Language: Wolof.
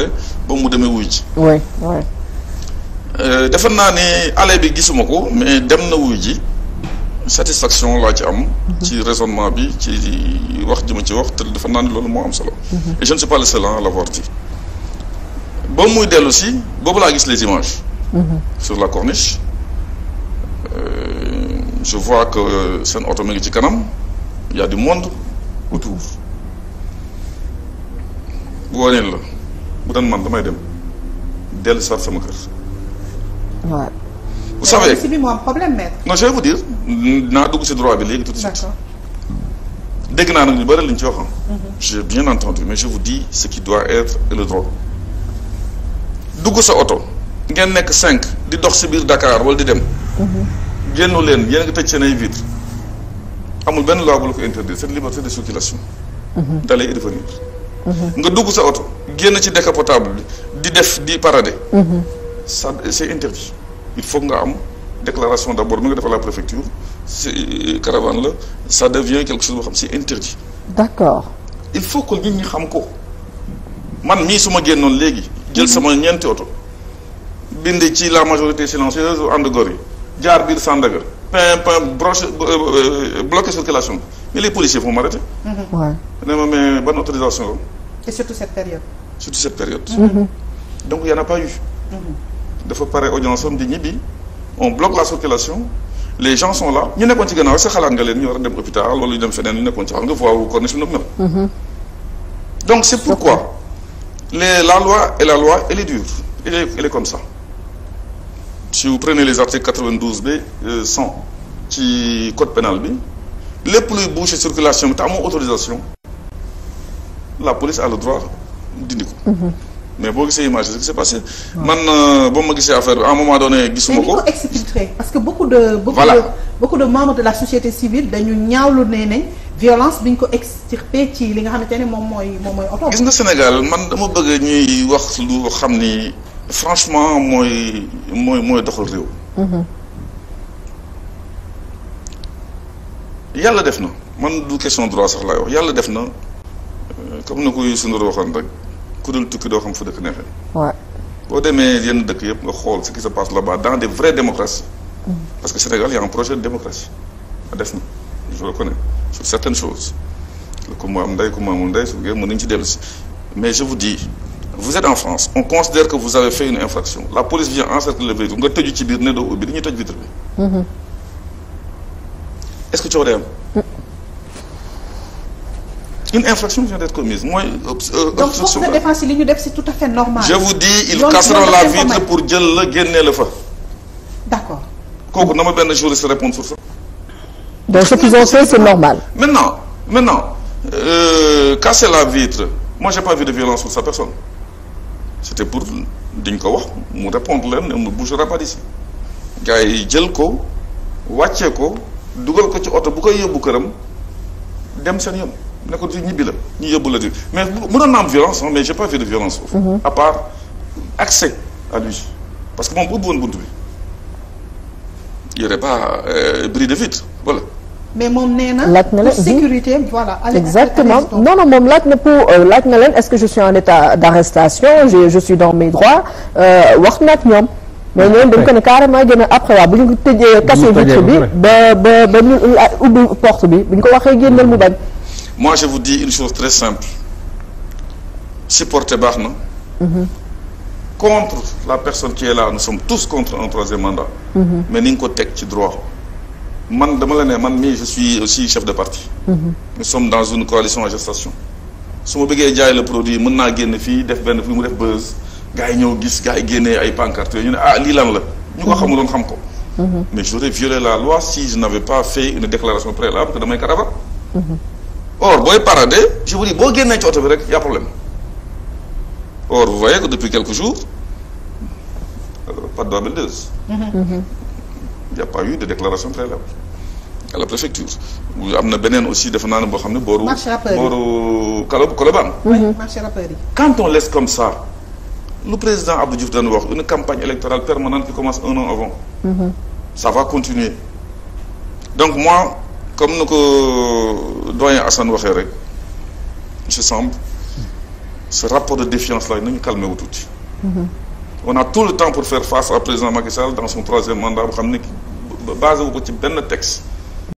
après mu demee wuy ji. oui oui. Euh, naa ne aller bi gisuma ko mais dem na wuy ji satisfaction laa ci am. Mhm. ci raisonnement bi ci wax ji ci wax te dafa naa ne loolu moo am solo. Mhm. et je ne suis pas le seul à muy dellu boobu laa gis le images. Mhm. sur la corniche. Euh, je vois que euh, seen oto mi ngi ci kanam y a du monde autour. bu la. bu doon man damay dem dellu sar sama kër. waaw. vous savez si bi moo je vous dire naa dugg si droit bi léegi tout de suite. dégg naa nag ñu bëri li ci waxoon. Mhm. j'ai bien entendu mais je vous dis ce qui doit être le dugg sa oto. ngeen nekk cinq di dox si biir Dakar wala di dem. Mhm. génnu leen yéen a tëj seen ay vitres amul benn loi bu la ko interdire cette liberté de circulation. Mhm. d'aller et nga dugg sa oto génn ci décapotable bi di def di parade sa mhm. c'est interdit il faut nga am déclaration d'abord mi nga def la préfecture si euh, caravane la ça devient quelque chose boo xam c'est interdit d'accord il faut que nit ñu xam ko man mii su ma génnoon léegi jël mhm. sama ñeenti oto bind ci la majorité silencieuse ànd gor yi jaar biir Sandaga pin pin broche euh, euh, bloqué circulation mais les policiers vont m'arrêter. waaw mhm. nee ma mais ban autorisation la. et surtout cette période. surtout cette période. Mhm. Mhm. donc y en a pas eu. dafa pare audience am di ñibbi on bloque la circulation les gens sont là ñu nekkoon ci gannaaw sa xalaat nga leen ñu war a dem hôpital wala ñu dem feneen ñu nekkoon ci xam nga voie wu corniche bi nag mel. donc c'est pourquoi les la loi et la loi elle est dure elle est elle est comme ça si vous prenez les articles 92 b 100 euh, ci code pénal bi. lépp luy boucher circulation bi te amoo autorisation la police a le droit dindi ko. Mhm. mais boo gisee image c'est parce que man euh, ba ma gisee affaire bi à un moment donné gisuma ko. mais exfiltré parce que beaucoup de. beaucoup de beaucoup de membres de la société civile dañu ñaawlu nee nañ bi ñu ko extirpé ci li nga xamante ne moom mooy moom mooy oto. gis nga Sénégal man dama bëggee ñuy wax lu xam ni franchement mooy mooy mooy doxal réew. Mhm. yàlla def na man du question droit sax laay wax yàlla def na euh, comme na ko Youssou ku dul tukki doo xam fu dëkk neexee. waaw boo demee yenn dëkk yëpp nga xool ce qui se passe là-bas dans des vraies démocraties. Mm. parce que Sénégal y a projet de démocratie. def na je le connais sur certaines choses ku mu am ndey ku mu amul ndey su ngeen mën nañu ci dellu si mais je vous dis vous êtes en France on considère que vous avez fait une infraction la police vient encercler le véhicule nga tëju ci biir ne est-ce que coow day am. une infraction vient euh, euh, de défense li ñu def c'est tout fait normal. je vous dis ils casseront la vitre pour jël la génne la fa. d'accord. kooku na ma benn juriste répondre sur ça. donc ce qu'ils ont fait c'est normal. maintenant maintenant euh, casser la vitre moi j'ai pas vu de violence sur sa personne c'était pour diñ ko wax mu répondre leen ne on ne bougera d'ici gars jël ko wàccee ko. dugal ko ci oto bu koy yóbbu këram dem seen yoon ne ko di ñibbi la ñu yóbbu la di mais mënoon na am violence mais j'ai pas vu de violence foofu mm accès à lui parce que moom ubbi woon bunt bi il y pas euh, de vitre mais moom nee na laaj na leen mm-hmm. sécurité voilà exactement non non moom laaj na pour euh, laaj na leen est-ce que je suis en état d'arrestation je suis dans mes droits euh, wax na ak mais ñoom dañ ko ne carrément jëme après waaw bu ñu tëjee cassé vitre bi ba ba ba ñu ubbi porte bi bu ñu ko waxee génnal mu bañ moi je vous dis une chose très simple supporter baax na mhm. contre la personne qui est là nous sommes tous contre un troisième mandat mhm. mais ni nga ko teg ci droit man dama la ne man mi je suis aussi chef de parti mhm. nous sommes dans une coalition à su ma bëggee jaay le produit mën naa génn fii def benn fii mu def buzz gars yi ñëw gis gars yi génnee ay pancarte ñu ne ah lii lan la ñu ko mhm. xamuloon xam ko mhm. mais j'aurais violé la loi si je n'avais pas fait une déclaration préalable que damay caravane mhm. or booy parader je vous boo génnee ci bi rek y a problème or vous voyez depuis quelques jours euh, pas de loi belleuse pas eu de déclaration préalable à la préfecture am na beneen aussi defe naa ne boo xam ne booru booru kalo Colobane quand comme ça le président Abdou Diouf dañu wax une campagne électorale permanente qui commence un an avant. Mm va continuer. donc moi comme na ko euh, doyen Assane waxee rek je semble ce rapport de défiance là nañu calmé wu tuuti. Mhm. on a tout le temps pour faire face à président Macky dans son troisième mandat boo xam ne basé wu ko ci benn texte.